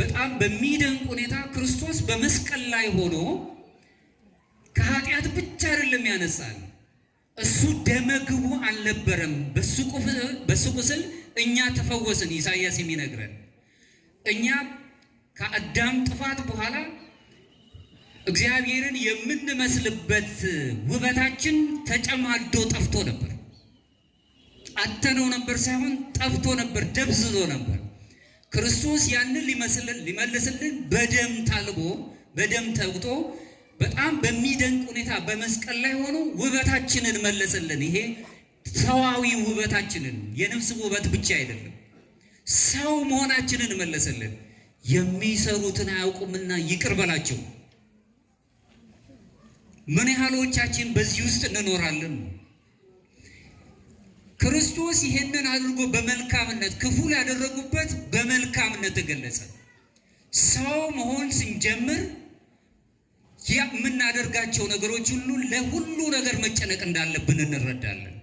በጣም በሚደንቅ ሁኔታ ክርስቶስ በመስቀል ላይ ሆኖ ከኃጢአት ብቻ አይደለም ያነጻል። እሱ ደመግቡ አልነበረም። በሱ ቁስል እኛ ተፈወስን። ኢሳያስ የሚነግረን እኛ ከአዳም ጥፋት በኋላ እግዚአብሔርን የምንመስልበት ውበታችን ተጨማዶ ጠፍቶ ነበር። አተነው ነበር ሳይሆን ጠፍቶ ነበር፣ ደብዝዞ ነበር። ክርስቶስ ያንን ሊመልስልን በደም ታልቦ በደም ተውጦ በጣም በሚደንቅ ሁኔታ በመስቀል ላይ ሆኖ ውበታችንን መለሰልን። ይሄ ሰዋዊ ውበታችንን የነፍስ ውበት ብቻ አይደለም፣ ሰው መሆናችንን መለሰልን። የሚሰሩትን አያውቁምና ይቅር በላቸው። ምን ያህሎቻችን በዚህ ውስጥ እንኖራለን? ክርስቶስ ይህንን አድርጎ በመልካምነት ክፉ ያደረጉበት በመልካምነት ተገለጸ። ሰው መሆን ስንጀምር የምናደርጋቸው ነገሮች ሁሉ ለሁሉ ነገር መጨነቅ እንዳለብን እንረዳለን።